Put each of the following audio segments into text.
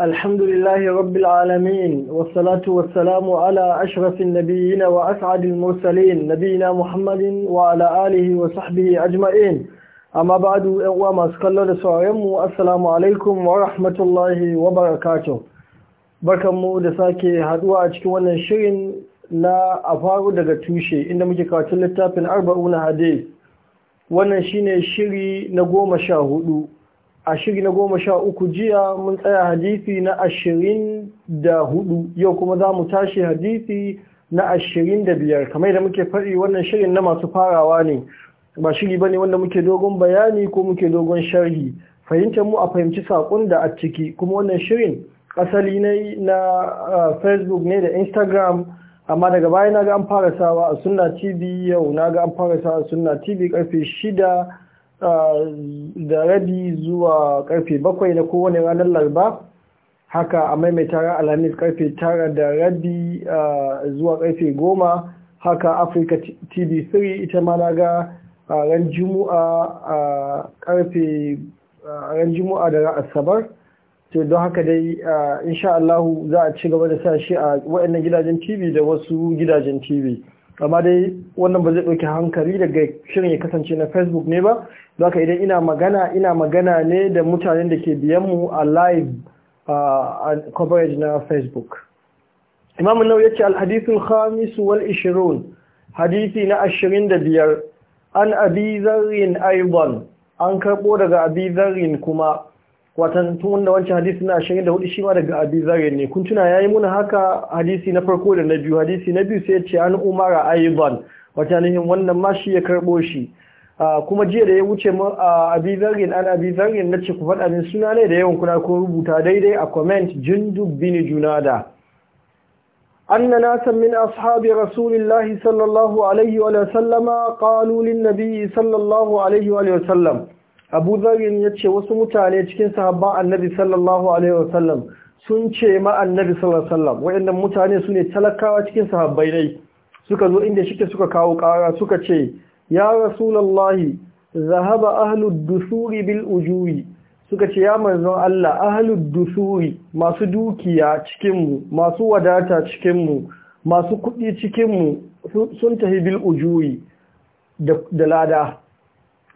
الحمد لله رب العالمين والصلاة والسلام على أشرف النبيين وأسعد المرسلين نبينا محمد وعلى آله وصحبه أجمعين أما بعد أقوى أسكال الله لسواريم والسلام عليكم ورحمة الله وبركاته barkanmu مودة ساكي haduwa a شرين لا shirin na a faru daga tushe inda muke karatun littafin arba'una hadith wannan shine shiri na goma a shiri na goma sha uku jiya mun tsaya hadisi na ashirin da hudu yau kuma za mu tashi hadisi na ashirin da biyar kamar da muke faɗi wannan shirin na masu farawa ne ba shiri ba ne wanda muke dogon bayani ko muke dogon sharhi fahimtar mu a fahimci saƙon da a ciki kuma wannan shirin asali na facebook ne da instagram amma daga baya na ga an fara sawa a sunna tv yau na ga an fara sawa a sunna tv karfe shida da rabi zuwa karfe bakwai na kowane ranar larba haka a maimaita alhamis karfe tara da rabi zuwa karfe goma haka afirka tv 3 ita ma na ga ran jumu'a da ran da asabar to don haka dai insha za a ci gaba da sa shi a waɗannan gidajen tv da wasu gidajen tv amma dai wannan ba zai ɗauki hankali daga shirin ya kasance na facebook ne ba zaka idan ina magana ina magana ne da mutanen da ke biyan mu a live coverage na facebook imamu nau ya ce alhadithun hamisu wal ishirun hadithi na ashirin da biyar an abi zarrin aibon an karɓo daga abi zarrin kuma watan tun wanda wancan hadisi na ashirin da hudu shi ma daga abi zare ne kun tuna yayi muna haka hadisi na farko da na biyu hadisi na biyu sai ya ce an umara aiban wata nihin wannan ma shi ya karbo shi kuma jiya da ya wuce mu a abi zare an abi zare na ce ku faɗa min suna ne da yawan kuna ko rubuta daidai a comment jundub bin junada أن ناسا من أصحاب رسول الله صلى الله عليه وسلم قالوا للنبي صلى الله عليه وسلم abu zarin ya ce wasu mutane cikin sahabban annabi sallallahu alaihi wasallam sun ce ma sallallahu alaihi wasallam waɗannan mutane su ne talakawa cikin sahabbai dai suka zo inda shike suka kawo ƙara suka ce ya rasulullahi zahaba ahlud dusuri bil ujuri suka ce ya manzon Allah ahlud dusuri masu dukiya cikinmu, masu wadata cikinmu, masu kuɗi cikinmu sun tafi bil ujuri da lada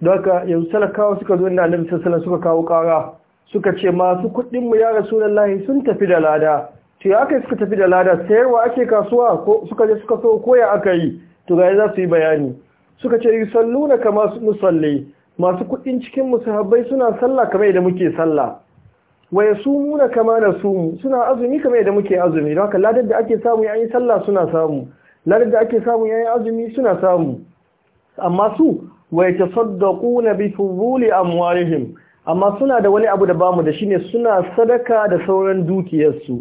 don yanzu talakawa suka zo inda annabi sallallahu suka kawo kara suka ce masu kuɗin mu ya rasulullahi sun tafi da lada to ya kai suka tafi da lada sayarwa ake kasuwa ko suka je suka so koya aka yi to ga za su yi bayani suka ce yusalluna kama musalli masu kuɗin cikin musahabbai suna sallah kamar yadda muke sallah wa yasumuna kama sumu suna azumi kamar yadda muke azumi don haka ladar da ake samu yayin sallah suna samu ladar da ake samu yayin azumi suna samu amma su wa yatasaddaquna bi fuduli amma suna da wani abu da bamu da shine suna sadaka da sauran dukiyarsu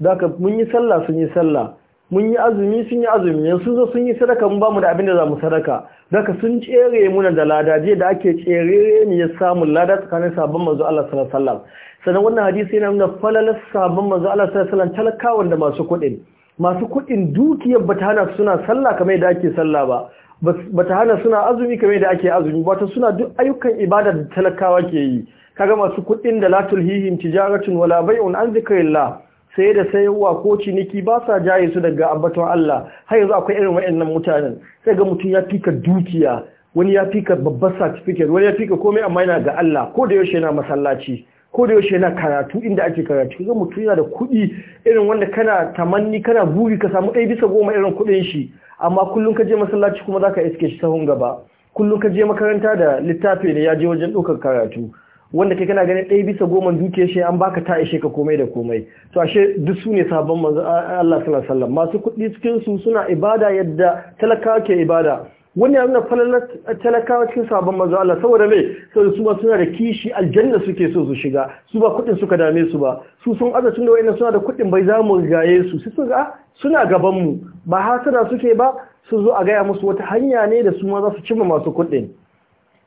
daga mun yi sallah sun yi sallah mun yi azumi sun yi azumi yanzu zo sun yi sadaka mun bamu da abin da zamu sadaka daka sun tsere muna da lada je da ake tsere ne ya samu lada tsakanin sabon manzo Allah sallallahu alaihi wasallam sannan wannan hadisi yana nuna falalar sabon manzo Allah sallallahu alaihi wasallam talakawan da masu kuɗin masu kuɗin dukiyar batana suna sallah kamar yadda ake sallah ba ba hana suna azumi kamar da ake azumi ba ta suna duk ayyukan ibada da talakawa ke yi kaga masu kuɗin da latul hihim tijaratun wala bai'un an zikrillah sai da sayarwa ko ciniki ba sa jaye su daga ambaton Allah har yanzu akwai irin wayannan mutanen sai ga mutum ya fika dukiya wani ya fika babbar certificate wani ya fika komai amma yana ga Allah ko da yaushe yana masallaci ko da yaushe yana karatu inda ake karatu kaga mutum yana da kuɗi irin wanda kana tamanni kana buri ka samu ɗaya bisa goma irin kuɗin shi amma kullum ka je masallaci kuma zaka iske shi sahun gaba kullum ka je makaranta da littafi da ya je wajen ɗaukar karatu wanda kai kana ganin ɗaya bisa goma duke shi an baka ta ishe ka komai da komai to ashe duk su ne sabon manzo Allah sallallahu alaihi wasallam masu kuɗi cikin su suna ibada yadda talakawa ke ibada wani ya nuna falalar talakawa cikin sabon manzo Allah saboda mai saboda su suna da kishi aljanna suke so su shiga su ba kudin suka dame su ba su sun azatun da wayannan suna da kudin bai za mu rigaye su su ga ah, suna gaban mu ba hasada suke ba su zo a gaya musu wata hanya ne da su ma za su cimma masu kudin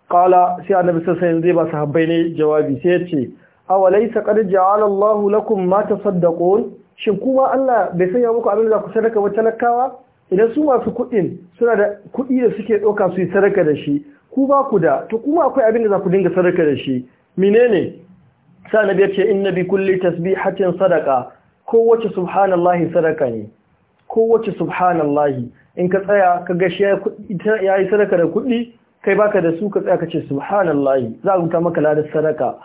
qala sai annabi sallallahu zai ba Habbai ne jawabi sai ya ce awalaysa qad ja'ala Allahu lakum ma tasaddaqun shin kuma Allah bai sanya muku abin da ku sadaka ba talakawa idan su masu kuɗin suna da kuɗi da suke ɗauka su yi sadaka da shi ku ba ku da to kuma akwai abin da za ku dinga sadaka da shi menene sa na biyar ce inna bi kulli tasbihatin sadaka kowace subhanallahi sadaka ne kowace subhanallahi in ka tsaya ka ga shi yayi sadaka da kuɗi kai baka da su ka tsaya ka ce subhanallahi za a maka ladar sadaka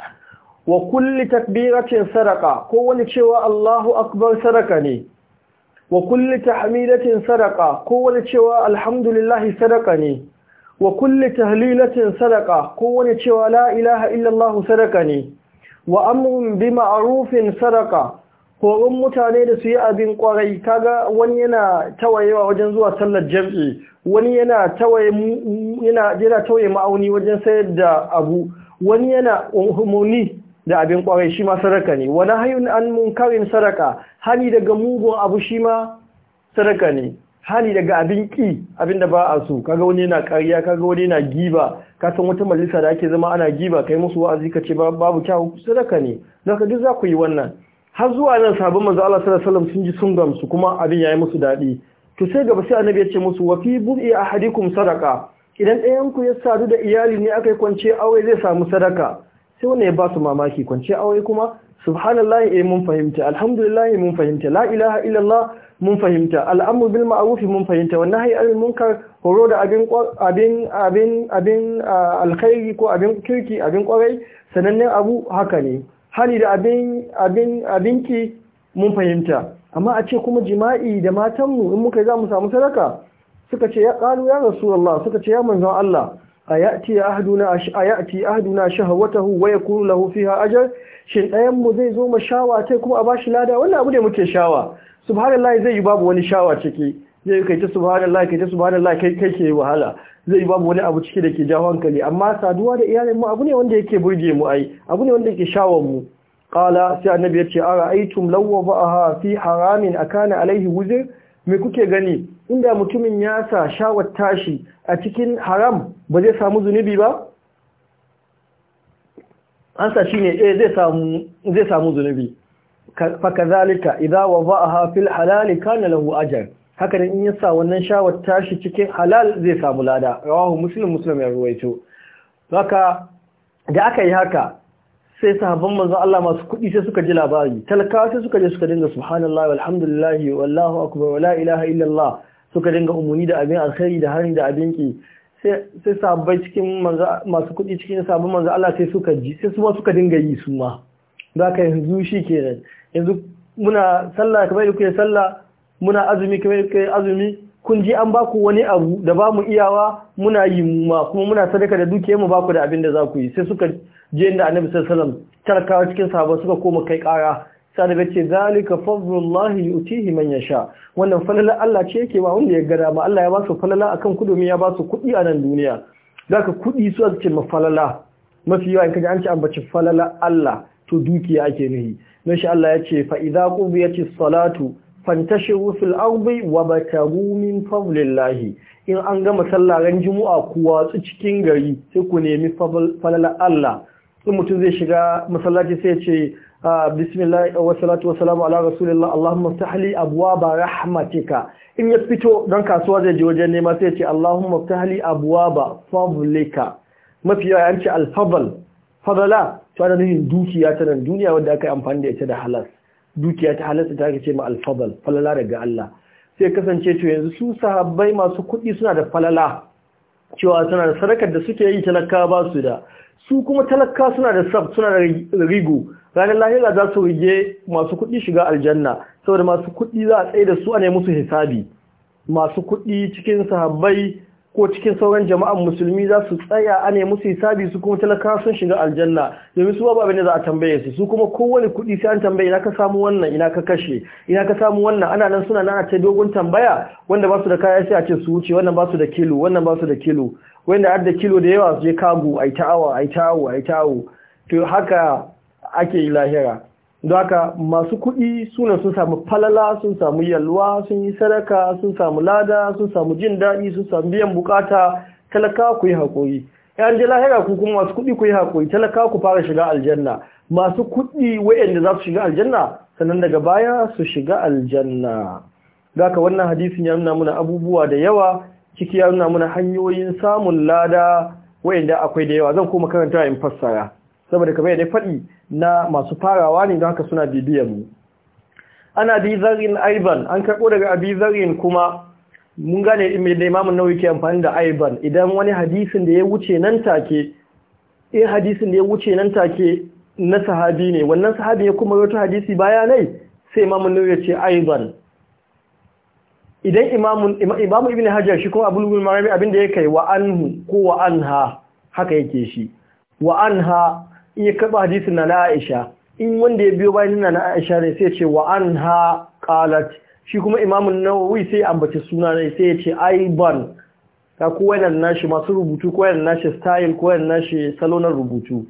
wa kulli takbiratin sadaka ko wani cewa Allahu akbar sadaka ne wa kulli tahmidatin sadaqa wani cewa alhamdulillah sadaqa ne wa kulli tahlilatin sadaqa wani cewa la ilaha illallah sadaqa ne wa amrun bi ma'rufin sadaqa horon mutane da su yi abin kwarai kaga wani yana tawayewa wajen zuwa sallar jam'i wani yana tawaye yana yana tawaye ma'auni wajen sayar da abu wani yana umuni da abin kwarai shi ma sadaka ne wani hayun an munkarin sadaka hani daga mugun abu shi ma sadaka ne hani daga abin ki abin da ba a so kaga wani yana kariya kaga wani yana giba ka san wata majalisa da ake zama ana giba kai musu wa'azi ka ce babu kyau sadaka ne ka duk za ku yi wannan har zuwa nan sabon maza Allah sallallahu alaihi sun ji sun gamsu kuma abin ya yi musu daɗi. to sai gaba sai annabi ya ce musu wa fi bu'i ahadikum sadaka idan ɗayan ku ya sadu da iyali ne aka yi kwance aure zai samu sadaka sai wannan ya ba su mamaki Kwanci aure kuma subhanallah eh mun fahimta alhamdulillah mun fahimta la ilaha illallah mun fahimta al'amru bil ma'ruf mun fahimta wannan hayi al munkar horo da abin abin abin abin alkhairi ko abin kirki abin kwarai sanannen abu haka ne hali da abin abin abinki mun fahimta amma a ce kuma jima'i da matanmu in muka za mu samu sadaka suka ce ya qalu ya rasulullah suka ce ya manzon Allah A a ahaduna ayati ahaduna shahawatahu wa yakunu lahu fiha ajr shin ɗayan mu zai zo ma shawa ta kuma a bashi lada wannan abu ne muke shawa subhanallahi zai yi babu wani shawa ciki zai kai ta subhanallahi kai ta subhanallahi kai kai ke wahala zai yi babu wani abu ciki da ke jawo hankali amma saduwa da iyalin mu abu ne wanda yake burge mu ai abu ne wanda yake shawan mu qala sai annabi ya ce ara'aytum law a fi haramin akana alaihi wuzr me kuke gani inda mutumin ya sa shawar tashi a cikin haram ba zai samu zunubi ba an sa ne eh zai samu zunubi faka zunubi idan wa ba a hafi halal lahu ajar haka in yasa wannan shawar tashi cikin halal zai samu lada rawahu muslim muslim ya ruwaito da aka yi haka sai sahabban manzon Allah masu kuɗi sai suka ji labari talakawa sai suka je suka dinga subhanallahi walhamdulillahi wallahu akbar wala ilaha illallah suka dinga umuni da abin alkhairi da harin da abin ki sai sahabbai cikin masu kudi cikin sahabban manzon Allah sai suka ji sai su ma suka dinga yi su ma zaka yanzu shi yanzu muna sallah kamar da kuke sallah muna azumi kamar da kuke azumi kun ji an baku wani abu da ba mu iyawa muna yi ma kuma muna sadaka da dukiya mu baku da abin da za ku yi sai suka je inda annabi sallallahu alaihi wasallam tarkawa cikin sahaba suka koma kai kara sai da ce zalika fadlullahi yutihi man yasha wannan falala Allah ce yake ba wanda ya gada ba. Allah ya ba su falala akan kudumi ya ba su kudi a nan duniya zaka kudi su a cikin mafalala mafi yawa in kaji an ci ambaci falala Allah to dukiya ake nuhi nashi Allah ya ce fa idza qubiyatis salatu fantashiru fil ardi wa bataru min fadlillahi in an gama sallah ran juma'a ku watsu cikin gari sai ku nemi falalar Allah in mutum zai shiga masallaci sai ya ce ah, bismillah wa salatu wa salamu ala rasulillah allahumma ftahli abwaaba rahmatika in ya fito don kasuwa zai je wajen nema sai ya ce allahumma ftahli abwaaba fadlika mafi yawa an ce alfadl fadala to ana nufin dukiya ta nan duniya wanda aka yi amfani da ita da halas dukiya ta halatta ta ake ce ma alfadal falala daga Allah sai kasance cewa yanzu su sahabbai masu kuɗi suna da falala cewa suna da sadakar da suke yi talaka ba su da su kuma talaka suna da sab suna da rigo ranar lahira za su rige masu kuɗi shiga aljanna saboda masu kuɗi za a tsaye da su a ne musu hisabi masu kuɗi cikin sahabbai ko cikin sauran jama'an musulmi za su tsaya a ne musu hisabi su kuma talaka sun shiga aljanna domin su babu ne za a tambaye su su kuma kowane kudi sai an tambaye ina ka samu wannan ina ka kashe ina ka samu wannan ana nan suna nana ta dogon tambaya wanda ba su da kaya sai a ce su wuce wannan ba su da kilo wannan ba su da kilo wanda har da kilo da yawa su je kago ai ta awa ai ta ai ta to haka ake yi lahira Zaka masu kuɗi suna sun samu falala sun samu yalwa sun yi sadaka sun samu lada sun samu jin daɗi sun samu biyan bukata talaka ku yi haƙoƙi yan ji lahira ku kuma masu kuɗi ku yi haƙoƙi talaka ku fara shiga aljanna masu kuɗi wayanda za su shiga aljanna sannan daga baya su shiga aljanna Zaka wannan hadisin ya nuna muna abubuwa da yawa ciki ya nuna muna hanyoyin samun lada wayanda akwai da yawa zan koma karanta in fassara saboda kamar yadda faɗi na masu farawa ne don haka suna bibiyar mu ana bi zarin aiban an karɓo daga abi zarin kuma mun gane da imamun nauyi ke amfani da aiban idan wani hadisin da ya wuce nan take eh hadisin da ya wuce nan take na sahabi ne wannan sahabi ya kuma rawaito hadisi baya nai sai imamun nauyi ya ce aiban idan imamun imamu ibnu hajar shi kuma abul gulmarami abin da ya kai wa anhu ko wa anha haka yake shi wa anha Iya ya kaba hadisin na Aisha in wanda ya biyo bayan na Aisha ne sai ce wa anha qalat shi kuma Imam Nawawi sai ambace suna ne sai ya ce aiban ka ko wannan nashi masu rubutu ko wannan nashi style ko wannan nashi salonan rubutu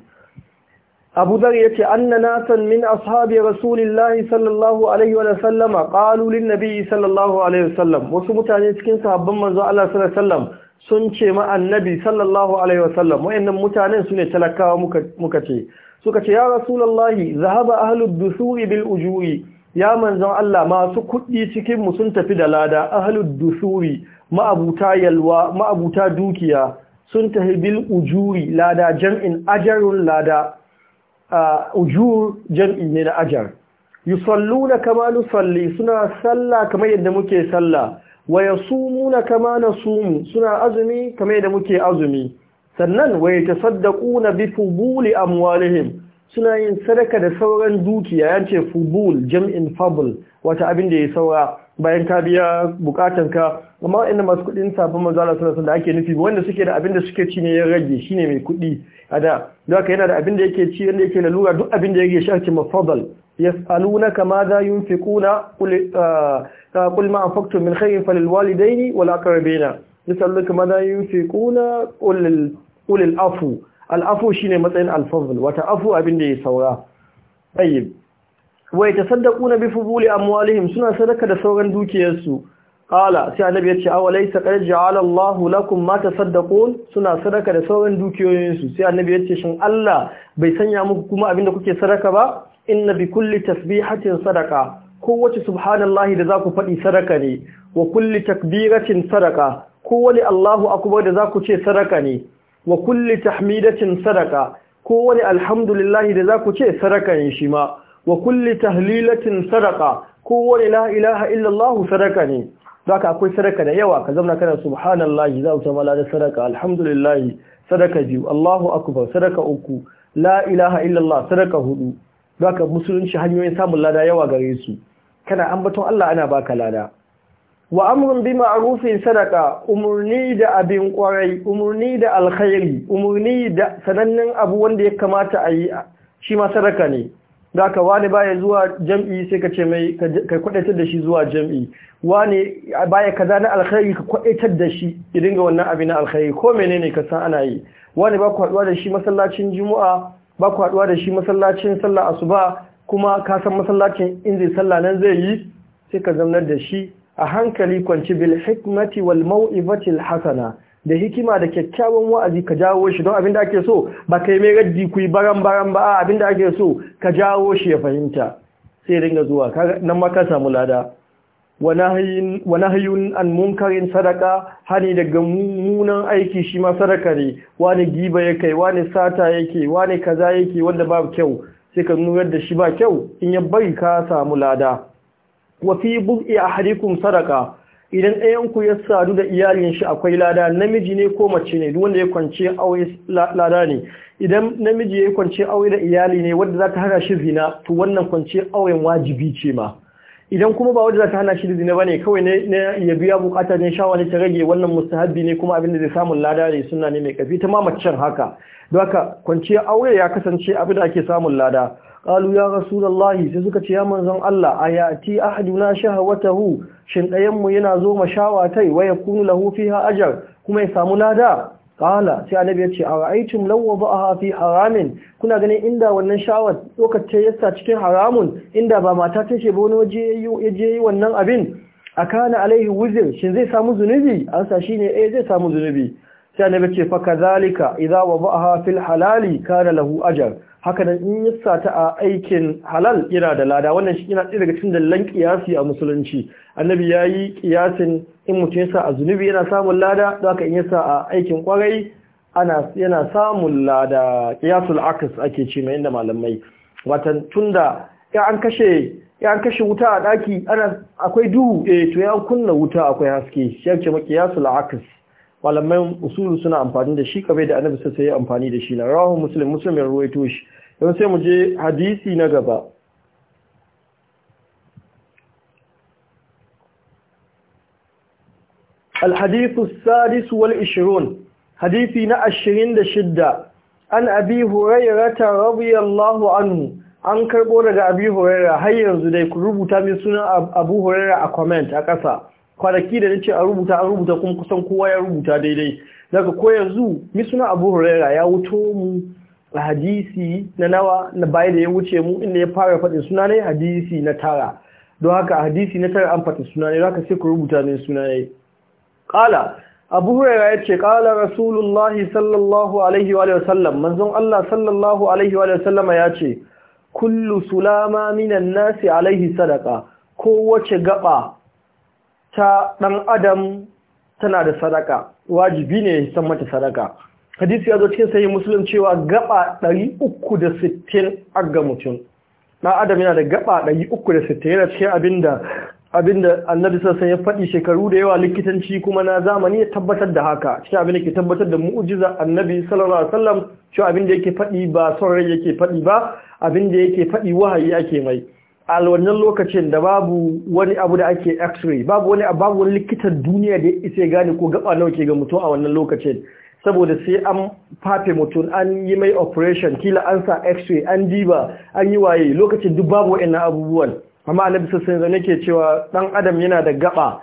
Abu Dhar yace anna San min ashabi Rasulillahi sallallahu alaihi wa sallama. qalu lin nabi sallallahu alaihi wa sallam wasu mutane cikin sahabban manzo Allah sallallahu alaihi wa sallam sun ce ma annabi sallallahu alaihi wasallam wayannan mutanen su ne talakawa muka ce suka ce ya rasulallahi zahaba ahlud dusuri bil ujuri ya manzon Allah masu kuɗi cikin mu sun tafi da lada ahlud dusuri ma'abuta yalwa ma'abuta dukiya sun tafi bil ujuri lada jam'in ajarun lada ujur jam'i ne na ajar yusalluna kama nusalli suna sallah kamar yadda muke sallah wa yasumuna kama nasumu suna azumi kamar da muke azumi sannan wa yatasaddaquna bi fubuli amwalihim suna yin sadaka da sauran dukiya yace fubul jam'in fabul wata abin da ya saura bayan ka biya bukatanka amma inda masu kudin sabon manzala suna da ake nufi wanda suke da abin da suke ci ne ya rage shine mai kudi a da don yana da abin da yake ci wanda yake lura duk abin da yake shi ake mafadal yas'alunaka ma za yunfiquna ah, قل ما أنفقتم من خير فللوالدين والأقربين يسألك ماذا ينفقون قل afu. shine matsayin شيء مثلا الفضل وتعفو abin da ya saura tayyib wai tasaddaquna bi fubuli amwalihim suna sadaka da sauran dukiyarsu qala sai annabi yace aw laysa qad ja'ala Allahu lakum ma tasaddaqun suna sadaka da sauran dukiyoyinsu sai annabi yace shin Allah bai sanya muku kuma abin da kuke sadaka ba inna bi kulli tasbihatin sadaka. kowace subhanallahi da za ku faɗi sadaka ne wa kulli takbiratin sadaka kowane Allahu akbar da za ku ce sadaka ne wa kulli tahmidatin sadaka kowane alhamdulillahi da za ku ce sadaka ne shi ma wa kulli tahlilatin sadaka kowane la ilaha illallah sadaka ne zaka akwai sadaka da yawa ka zama kana subhanallahi za ta mala da sadaka alhamdulillahi sadaka biyu Allahu akbar sadaka uku la ilaha illallah sadaka hudu zaka musulunci hanyoyin samun lada yawa gare su kana ambaton Allah ana baka lada wa amrun bi ma'rufin sadaka umurni da abin kwarai umurni da alkhairi umurni da sanannen abu wanda ya kamata a yi shi ma sadaka ne da wani baya zuwa jam'i sai ka ce mai ka kwadaitar da shi zuwa jam'i wani baya kaza na alkhairi ka kwadaitar da shi idan ga wannan abin na alkhairi ko menene ka san ana yi wani ba ku haduwa da shi masallacin juma'a ba ku haɗuwa da shi masallacin sallah asuba kuma ka san masallacin in zai sallah nan zai yi sai ka zamnar da shi a hankali kwanci bil hikmati wal mau'izati al hasana da hikima da kyakkyawan wa'azi ka jawo shi don abinda ake so ba kai mai raddi ku baran baran ba abinda ake so ka jawo shi ya fahimta sai ringa zuwa nan ma ka samu lada Wani nahyun an munkarin sadaka hani daga mummunan aiki shi ma sadaka ne wani giba kai, wani sata yake wani kaza yake wanda ba kyau sai ka nuna da shi ba kyau in ya bari ka samu lada wa fi a harikun sadaka idan ɗayanku ya sadu da iyalin shi akwai lada namiji ne ko mace ne duk wanda ya kwance aure lada ne idan namiji ya kwance aure da iyali ne wanda za ta hana shi zina to wannan kwance auren wajibi ce ma idan kuma ba wanda za ta hana shi da zina ba ne, kawai na ya biya bukata ne shawa ne ta rage wannan mustahabbi ne kuma abin da zai samun lada ne suna ne mai kafi ta ma macen haka don haka kwanciyar aure ya kasance abin da ake samun lada qalu ya rasulullahi sai suka ce ya manzon Allah ayati ahaduna shahawatahu shin dayan mu yana zo ma shawa tai waya kunu lahu fiha ajr kuma ya samu lada kala sai annabi ya ce a ra'aytum law a hafi haramin kuna ganin inda wannan shawar lokacin yasa cikin haramun inda ba mata ta ce ba wani waje ya je yi wannan abin a akana alaihi wuzir shin zai samu zunubi an sa shine eh zai samu zunubi sai na bace fa kazalika idza wada'aha fil halali kana lahu ajr haka nan in ya sata a aikin halal yana da lada wannan shi yana daga cikin dallan kiyasi a musulunci annabi yayi kiyasin in mutum yasa a zunubi yana samun lada haka in yasa a aikin kwarai ana yana samun lada kiyasul aks ake ce mai inda malamai watan tunda ya an kashe ya an kashe wuta a daki ana akwai duhu eh to ya kunna wuta akwai haske shi ake makiyasul aks malamai usulu suna amfani da shi kabe da annabi sai ya amfani da shi na rawahu muslim muslim ya ruwaito shi don sai mu je hadisi na gaba الحديث السادس والعشرون حديث نأشرين دشدة an abi هريرة رضي الله عنه an karbo daga abi horera har yanzu dai ku rubuta min sunan abu horera a comment a ƙasa kwanaki da nace a rubuta an rubuta kuma kusan kowa ya rubuta daidai daga ko yanzu mi suna Abu hurera ya wuto mu a hadisi na nawa na baya da ya wuce mu inda ya fara faɗin suna ne hadisi na tara don haka hadisi na tara an faɗi suna ne haka sai ku rubuta ne suna ne ƙala abu huraira ya ce ƙala lahi sallallahu alaihi wa sallam manzon allah sallallahu alaihi wa sallama ya ce kullu sulama minan nasi alaihi sadaka kowace gaba ta ɗan adam tana da sadaka wajibi ne san mata sadaka hadisi ya zo cikin sahih musulun cewa gaba 360 ga mutum Ɗan adam yana da gaba 360 yana cikin abinda abinda annabi sassan ya faɗi shekaru da yawa likitanci kuma na zamani ya tabbatar da haka shi abin da ke tabbatar da mu'ujiza annabi sallallahu alaihi wasallam cewa abin da yake faɗi ba son rai yake faɗi ba abin da yake faɗi wahayi ake mai alwannan lokacin da babu wani abu da ake x-ray babu wani babu wani likitan duniya da ya isa gane ko gaba nawa ke ga mutum a wannan lokacin saboda sai an fafe mutum an yi mai operation kila an sa x-ray an diba an yi waye lokacin duk babu wa'annan abubuwan amma annabi sun zane ke cewa dan adam yana da gaba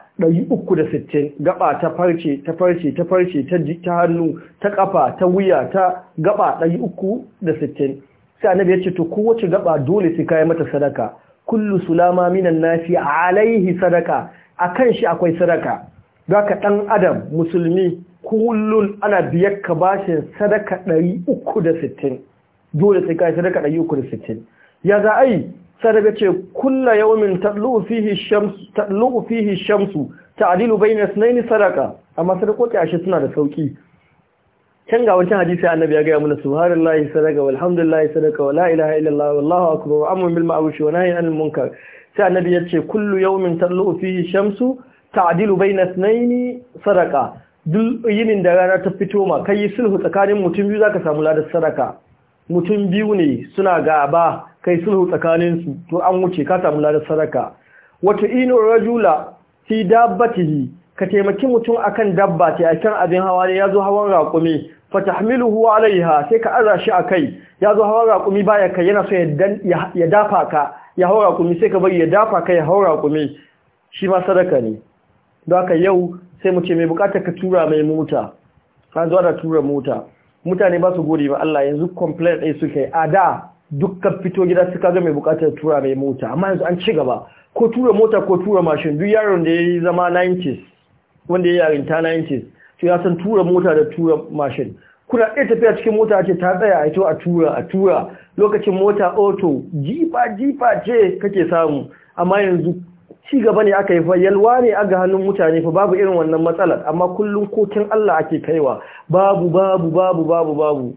sittin, gaba ta farce ta farce ta farce ta ta hannu ta kafa ta wuya ta gaba sittin, sai annabi ya ce to kowace gaba dole sai kayan mata sadaka kullu sulama minan nasi alaihi sadaka akan shi akwai sadaka ka dan adam musulmi kullun ana biyar ka bashin sadaka 360 dole sai kai sadaka 360 ya za ai sadaka ce kulla yawmin tatlu fihi shamsu ta fihi shamsu ta'dilu bayna sadaka amma sadako ta ashe suna da sauki can ga wancan hadisi annabi ya gaya mana subhanallahi sadaka walhamdulillahi sadaka wala ilaha illallah wallahu akbar wa amru bil ma'ruf wa nahyi anil munkar sai annabi ya ce kullu yawmin tallu fihi shamsu ta'dilu bayna ithnayn sadaka duk yinin da rana ta fito ma kai sulhu tsakanin mutum biyu zaka samu ladar sadaka mutum biyu ne suna gaba kai sulhu tsakanin su to an wuce ka samu ladar sadaka wato inu rajula fi dabbatihi ka taimaki mutum akan dabba ta yakin abin hawa ne yazo hawan raƙumi fatahmiluhu alaiha sai ka ara shi akai yazo hawan raƙumi baya kai yana so ya dafa ka ya haura raƙumi sai ka bari ya dafa ka ya haura raƙumi shi ma sadaka ne don haka yau sai mu ce mai bukatar ka tura mai mota an zuwa da tura mota mutane ba su gode ba Allah yanzu complain ɗaya suke. a da dukkan fito gida suka ga mai bukatar tura mai mota amma yanzu an ci gaba ko tura mota ko tura mashin duk yaron da ya yi zama 90s wanda ya yarin ta 90s to ya san tura mota da tura mashin kuna ɗaya tafiya cikin mota ce ta tsaya a ito a tura a tura lokacin mota auto jifa jifa ce kake samu amma yanzu ci gaba ne aka yi fa yalwa ne aga hannun mutane fa babu irin wannan matsalar amma kullum kokin Allah ake kaiwa babu babu babu babu babu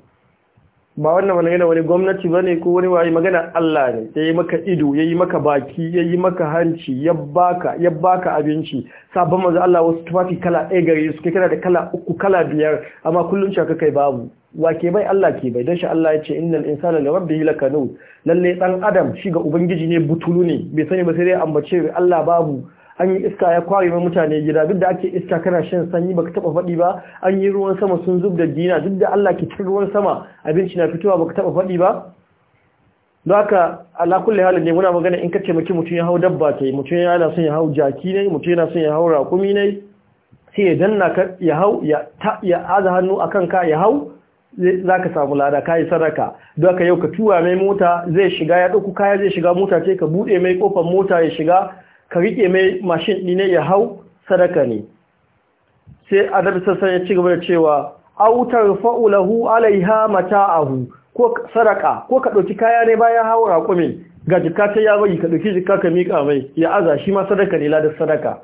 ba wannan magana wani gwamnati bane ko wani wani magana Allah ne yayi maka ido yayi maka baki yayi maka hanci ya baka ya abinci sabon manzo Allah wasu tufafi kala ɗaya gare su kai kana da kala uku kala biyar amma kullum shaka kai babu wa ke bai Allah ke bai dan shi Allah ya ce innal insana li rabbihi lakanu lalle dan adam shi ga ubangiji ne butulu ne bai sani ba sai dai ambace Allah babu an yi iska ya kware mai mutane gida duk da ake iska kana shan sanyi baka taba faɗi ba an yi ruwan sama sun zub da dina duk da Allah ke cin ruwan sama abinci na fitowa baka taba faɗi ba haka ala kulli halin ne muna magana in ka miki mutum ya hau dabba ta yi mutum yana son ya hau jaki ne mutum yana son ya hau rakumi ne sai ya danna ka ya hau ya ta ya aza hannu akan ka ya hau za ka samu lada kai sadaka don haka yau ka tuwa mai mota zai shiga ya ɗauku kaya zai shiga mota ce ka bude mai kofar mota ya shiga ka riƙe mai mashin ɗine ya hau sadaka ne sai a sassan ya ci gaba da cewa autar fa'ulahu alaiha mata'ahu ko sadaka ko ka ɗauki kaya ne bayan hau raƙumin ga jika ta ya bari ka ɗauki jika ka miƙa mai ya aza shi ma sadaka ne ladar sadaka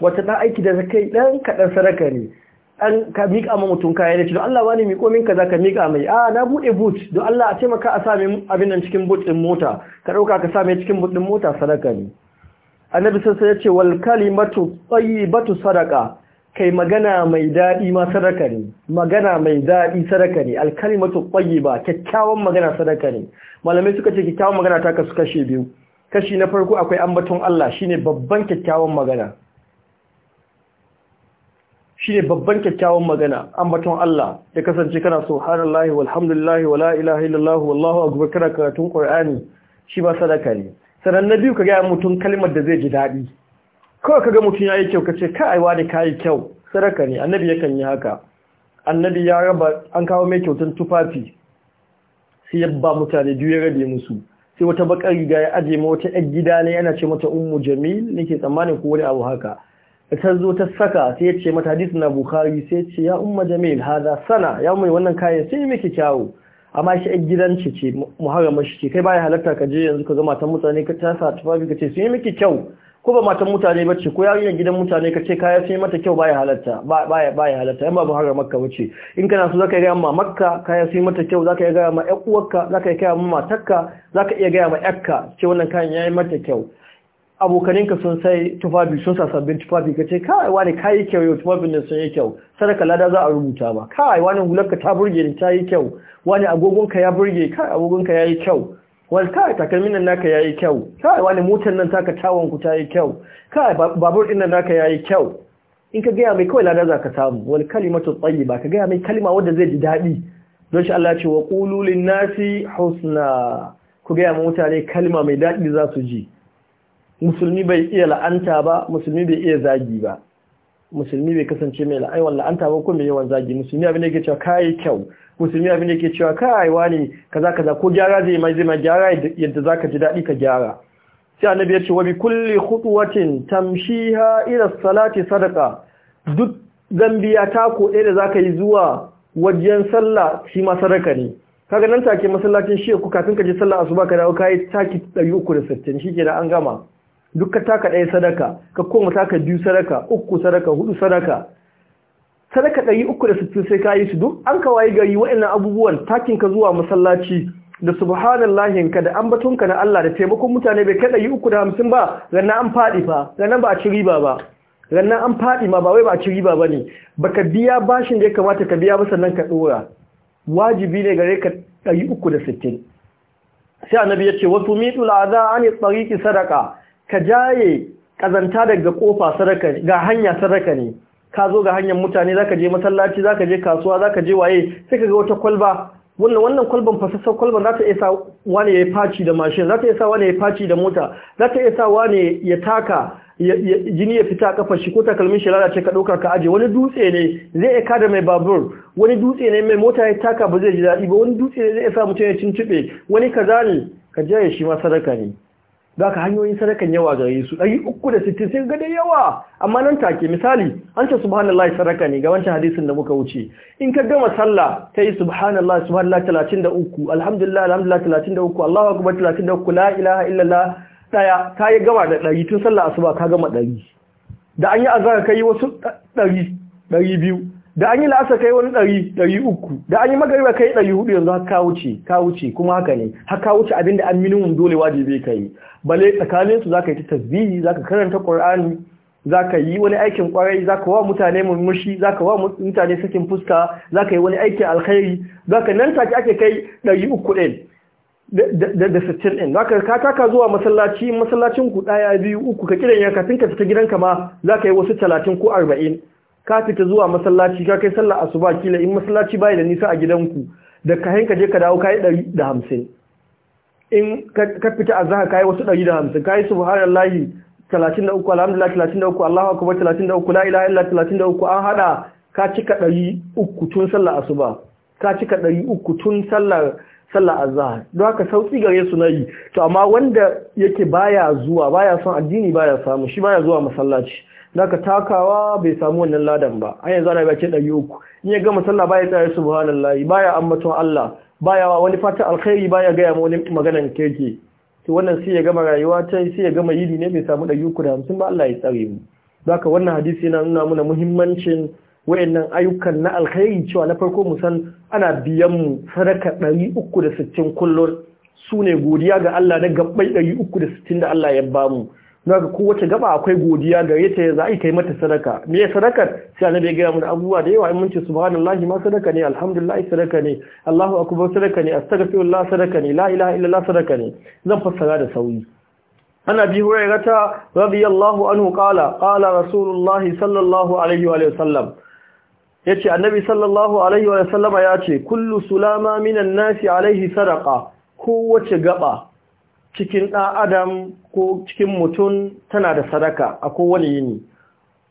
wata ɗan aiki da kai ɗan kaɗan sadaka ne ɗan ka miƙa ma mutum kaya ne ci don Allah wani miƙo minka za ka miƙa mai a na buɗe but. don Allah a taimaka a sami abin nan cikin boot ɗin mota ka ɗauka ka sami cikin boot ɗin mota sadaka ne annabi sai ya ce wal kalimatu tayyibatu sadaka kai magana mai daɗi ma sadaka ne magana mai daɗi sadaka ne al kalimatu tayyiba kyakkyawan magana sadaka ne malamai suka ce kyakkyawan magana ta kasu kashe biyu kashi na farko akwai ambaton Allah shine babban kyakkyawan magana shine babban kyakkyawan magana ambaton Allah ya kasance kana subhanallahi walhamdulillahi wala ilaha illallah wallahu akbar kana karatun qur'ani shi ba sadaka ne sannan na biyu ka gaya mutum kalmar da zai ji daɗi kawai ka ga mutum ya yi kyau ka ce ka aiwa da ka yi kyau saraka ne annabi ya yi haka annabi ya raba an kawo mai kyautar tufafi sai ya ba mutane biyu ya rabe musu sai wata bakar riga ya aje ma wata yar gida ne yana ce mata ummu jamil nake tsammanin ko wani abu haka ta zo ta saka sai ya ce mata hadisi na bukhari sai ya ce ya umma jamil hada sana ya mai wannan kayan sai ya miki kyawu amma shi a gidan shi ce muharrama ce kai baya halatta ka je yanzu ka zama matan mutane ka tasa tufafi ka ce "Sun yi miki kyau ko ba matan mutane ba ce ko yarinyar gidan mutane ka ce kaya sun yi mata kyau baya halatta baya baya halatta yan ba makka ba ce in kana so zaka gaya ma makka kaya sun yi mata kyau zaka gaya ma yan uwarka zaka gaya ma matarka zaka iya gaya ma yakka ce wannan kayan yayi mata kyau abokaninka sun sai tufafi sun sa sabbin tufafi ka ce kawai wani kayi kyau yau tufafin nan sun yi kyau sadaka lada za a rubuta ba kawai wani hularka ta burge ni ta yi kyau wani agogonka ya burge kawai agogonka ya yi kyau wani kawai takalmin nan naka ya yi kyau kawai wani motar nan taka tawon ku ta yi kyau kawai babur din nan naka ya yi kyau in ka gaya mai kawai lada za ka samu wani kalima tsayi ba ka gaya mai kalima wanda zai ji daɗi don shi Allah ce wa qulu nasi husna ku gaya mutane kalima mai daɗi za su ji musulmi bai iya la'anta ba musulmi bai iya zagi ba musulmi bai kasance mai la'aiwan la'anta ba kuma mai yawan zagi musulmi abin da yake cewa kai kyau musulmi abin da yake cewa kai wani kaza kaza ko gyara zai mai zai mai gyara yadda zaka ji dadi ka gyara sai annabi ya ce wa bi kulli khutwatin tamshiha ila salati sadaqa duk zambiya ta ko da zaka yi zuwa wajen sallah shi ma sadaka ne kaga nan take masallacin shi ku kafin ka je sallah asuba ka dawo kai taki 360 da an gama duka taka ɗaya sadaka ka koma taka biyu sadaka uku sadaka hudu sadaka sadaka ɗari uku da sittin sai ka yi su duk an wayi gari waɗannan abubuwan takin ka zuwa masallaci da subhanallahin ka da ambatonka na Allah da taimakon mutane bai kai ɗari uku da hamsin ba Rannan an faɗi fa Rannan ba a ci riba ba Rannan an faɗi ma ba wai ba a ci riba ba ne baka biya bashin da ya kamata ka biya ba sannan ka ɗora wajibi ne gare ka ɗari uku da sittin sai annabi ya ce wasu mitu la'aza an yi tsariki sadaka ka jaye kazanta daga kofa sadaka ga hanya sadaka ne ka zo ga hanyar mutane zaka je masallaci zaka je kasuwa zaka je waye sai ka ga wata kwalba wannan wannan kwalban fasassar kwalban za ta iya sa wani ya faci da mashin za ta iya sa wani ya faci da mota za ta iya sa wani ya taka jini ya fita kafar shi ko takalmin shi lalace ka dauka ka aje wani dutse ne zai iya kada mai babur wani dutse ne mai mota ya taka ba zai ji daɗi ba wani dutse ne zai iya sa mutum ya cincibe wani kaza ne ka jaye shi ma sadaka ne da ka hanyoyin sadakan yawa gare su sittin sai ga da yawa amma nan take misali an ce subhanallah sadaka ne ga wancan hadisin da muka wuce in ka gama sallah yi subhanallah subhanallah talatin da uku alhamdulillah alhamdulillah uku, Allahu akbar uku la ilaha illallah ɗaya ta yi gama da ɗari. tun sallah asuba ka gama ɗari. da an yi ka yi wasu ɗari biyu. da an yi la'asa kai wani ɗari ɗari uku da an yi magariba kai ɗari hudu yanzu haka wuce ka wuce kuma haka ne haka wuce abin da an minimum dole wajibi ka yi bale tsakanin su zaka yi ta tasbihi zaka karanta qur'ani zaka yi wani aikin kwarai zaka wa mutane murmushi zaka wa mutane sakin fuska zaka yi wani aikin alkhairi zaka nan take ake kai ɗari uku ɗin da sittin ɗin zaka ka taka zuwa masallaci masallacin ku ɗaya biyu uku ka kiran ya kafin ka fita gidanka ma zaka yi wasu talatin ko arba'in ka fita zuwa masallaci ka kai sallar asuba kila in masallaci bai da nisa a gidanku da ka hanka je ka dawo kai 150 in ka fita azhar kai wasu 150 kai subhanallahi 33 alhamdulillah 33 Allahu akbar 33 la ilaha illa 33 an hada ka cika 300 tun sallar asuba ka cika 300 tun sallar sallar azhar don haka sauki gare su nayi to amma wanda yake baya zuwa baya son addini baya samu shi baya zuwa masallaci ka takawa bai samu wannan ladan ba a yanzu ana bakin ɗari uku in ya gama sallah baya tsaye subhanallahi baya ambaton Allah baya wa wani fata alkhairi baya gaya ma wani maganan keke to wannan sai ya gama rayuwa ta sai ya gama yidi ne bai samu ɗari uku da hamsin ba Allah ya tsare mu daga wannan hadisi yana nuna mana muhimmancin wayannan ayyukan na alkhairi cewa na farko mu san ana biyan mu sadaka ɗari uku da sittin kullum su ne godiya ga Allah na gabbai ɗari uku da sittin da Allah ya bamu na ga kowace gaba akwai godiya gare ta za a kai mata sadaka me ya sadaka? sai annabi ya gaya mana abubuwa da yawa in mun ce subhanallahi ma sadaka ne alhamdulillah sadaka ne allahu akbar sadaka ne astaghfirullah sadaka ne la ilaha illallah sadaka ne zan fassara da sauyi. عن أبي هريرة رضي الله عنه Qala, قال رسول الله صلى الله عليه وسلم يأتي النبي صلى الله عليه وسلم يأتي كل سلامة من الناس عليه سرقة cikin ɗan adam ko cikin mutum tana da sadaka a kowane yini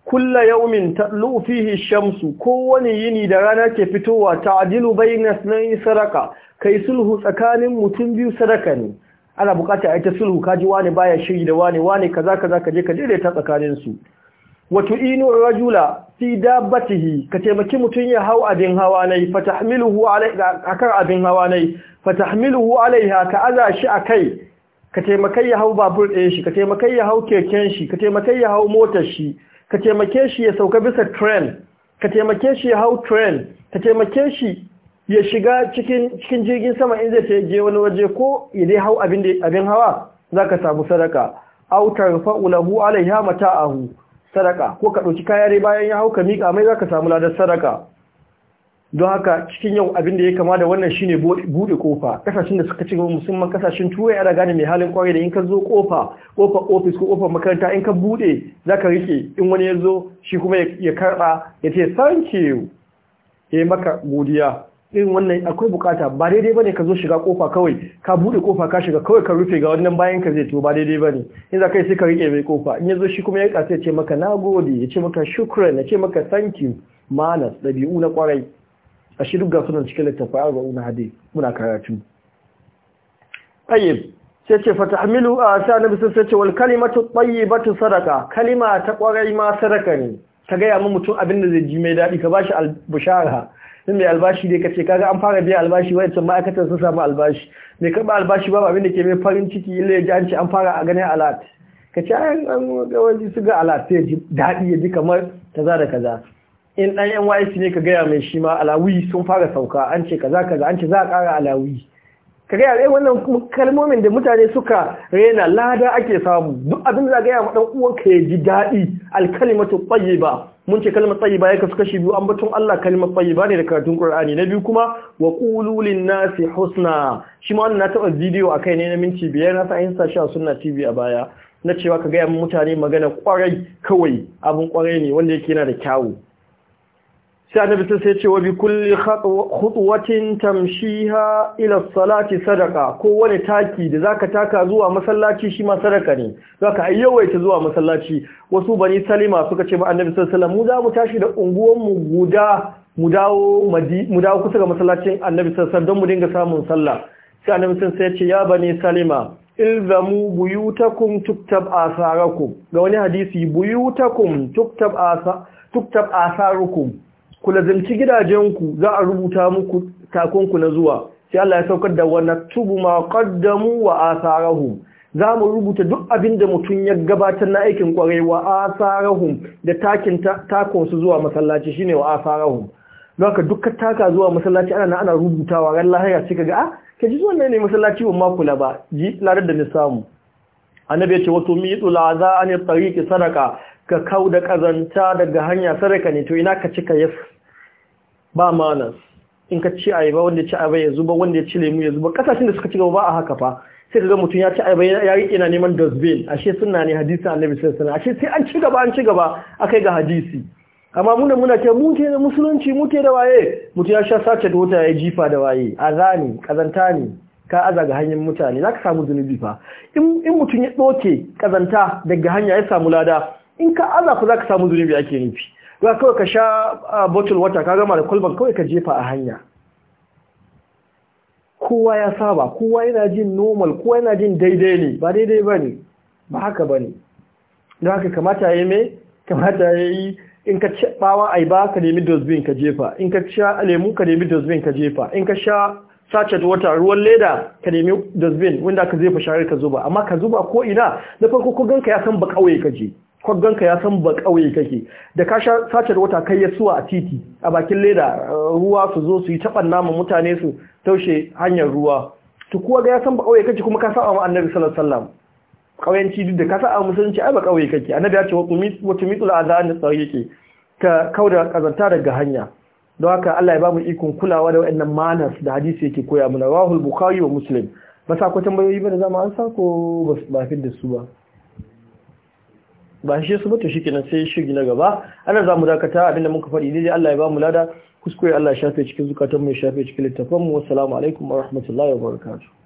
kulla yaumin tatlu fihi shamsu kowane yini da rana ke fitowa ta'dilu na sanayin sadaka kai sulhu tsakanin mutum biyu sadaka ne ana bukata a ita sulhu kaji wani baya shiri da wani wani kaza ka za ka daidaita tsakanin su wato inu rajula fi dabbatihi ka taimaki mutum ya hau abin hawa nai fatahmiluhu a akan abin hawa nai fatahmiluhu alaiha ka aza shi a kai. ka taimakai ya hau babur ɗaya shi ka taimakai ya hau keken shi ka taimakai ya hau motar shi ka taimake shi ya sauka bisa tren ka taimake shi ya hau tren ka taimake shi ya shiga cikin jirgin sama in zai je wani waje ko ya dai hau abin hawa za ka samu sadaka autar fa'ulahu alaiha mata'ahu sadaka ko ka ɗauki kaya dai bayan ya hau ka miƙa mai za ka samu ladar sadaka don haka cikin yau abin da ya kama da wannan shine bude kofa kasashen da suka ci gaba musamman kasashen turai ana gane mai halin kwarai da in ka zo kofa kofa office ko kofa makaranta in ka bude ka rike in wani ya zo shi kuma ya karba ya ce thank you ya maka godiya irin wannan akwai bukata ba daidai bane ka zo shiga kofa kawai ka bude kofa ka shiga kawai ka rufe ga wannan bayan ka zai to ba daidai bane in za kai sai ka rike mai kofa in ya zo shi kuma ya kasa ya ce maka nagode ya ce maka shukran ya ce maka thank manas dabi'u na kwarai a duk ga sunan cikin littafi a hadi muna karatu ayyib sai ce fa hamilu a sa nabi sai ce wal kalimatu tayyibatu sadaka kalima ta kwarai ma sadaka ne ka gaya mu mutum abin da zai ji mai daɗi ka bashi albushara in mai albashi dai kace kaga an fara biya albashi wayancan aka sun samu albashi mai karba albashi babu abin da ke mai farin ciki illa ya ji an fara a ganin alat ka ce an ga wani su ga alat sai ji daɗi ya ji kamar kaza da kaza in ɗan NYC ne ka gaya mai shi ma alawi sun fara sauka an ce kaza kaza an ce za a ƙara alawi ka gaya ɗaya wannan kalmomin da mutane suka rena lada ake samu duk abin za a gaya ɗan uwanka ya ji daɗi alkalimatu ba mun ce kalmar ba ya kasu kashi biyu an batun Allah kalmar ba ne da karatun ƙur'ani na biyu kuma wa ƙululin nasi husna shi ma wannan na taɓa bidiyo a kai ne na minti biyar na sa an sa shi a sunna TV a baya na cewa ka gaya mutane magana ƙwarai kawai abin ƙwarai ne wanda yake yana da kyawu sai annabi sai ce wa bi kulli khutwatin tamshiha ila salati sadaka ko wani taki da zaka taka zuwa masallaci shi ma sadaka ne zaka ayyawaita zuwa masallaci wasu bani salima suka ce ba annabi sallallahu alaihi wasallam mu za mu tashi da unguwan mu guda mu dawo mu dawo kusa ga masallacin annabi sallallahu alaihi wasallam don mu dinga samun sallah sai annabi sai ya ce ya bani salima ilzamu buyutakum tuktab asarakum ga wani hadisi buyutakum tuktab asa tuktab asarukum ku lazimci gidajenku za a rubuta muku takonku na zuwa sai Allah ya saukar da wani tubu ma qaddamu wa asarahum za mu rubuta duk abin da mutum ya gabatar na aikin kwarai wa asarahum da takin takon su zuwa masallaci shine wa asarahum don ka duk taka zuwa masallaci ana ana rubutawa ran lahira cika kaga ah ka ji zuwan ne masallaci ba la ba ji ladar da ni samu annabi ya ce wato mi za aza an sadaka ka kau da ƙazanta daga hanya sadaka ne to ina ka cika yas ba mana in ka ci ayaba wanda ya ci ayaba ya zuba wanda ya ci lemu ya zuba kasashen da suka ci gaba ba a haka fa sai ka ga mutum ya ci ayaba ya yi ina neman dustbin ashe suna ne hadisi annabi sallallahu alaihi wasallam ashe sai an ci gaba an ci gaba akai ga hadisi amma muna muna ce mu ke da musulunci mu ke da waye mutum ya sha sace da wuta ya jifa da waye azani kazanta ne ka aza ga hanyar mutane zaka samu zunubi fa in mutum ya ɗoke kazanta daga hanya ya samu lada in ka aza ku za ka samu zunubi ake nufi ba kawai ka sha bottle water ka gama da kwalban kawai ka jefa a hanya kowa ya saba kowa yana jin normal kowa yana jin daidai ne ba daidai ba ne ba haka ba ne don haka kamata ya yi mai kamata ya yi in ka ci bawan ba ka nemi dozbin ka jefa in ka sha lemu ka nemi dozbin ka jefa in ka sha sachet wata ruwan leda ka nemi dozbin wanda ka jefa shayar ka zuba amma ka zuba ko ina na farko ko ganka ya san ba kauye ka je kwaggonka ya san ba kauye kake da ka sace wata kai ya suwa a titi a bakin leda ruwa su zo su yi taɓan nama mutane su taushe hanyar ruwa to kuwa ga ya san ba kauye kake kuma ka saba wa annabi sallallahu alaihi wasallam kauyanci duk da ka saba musulunci ai ba kauye kake annabi ya ce wa tumitul azan tsariqi ka kauda kazanta daga hanya don haka Allah ya ba mu ikon kulawa da waɗannan manas da hadisi yake koya mana rahul bukhari wa muslim ba sa ko tambayoyi ba da zama an sa ko ba fi da su ba ba shi su mutu shikenan sai shi na gaba ana za mu dakata abinda muka faɗi dai Allah ya ba mu lada kuskure Allah ya shafe cikin zukatan mu ya shafe cikin littafan mu assalamu alaikum wa rahmatullahi wa barakatuh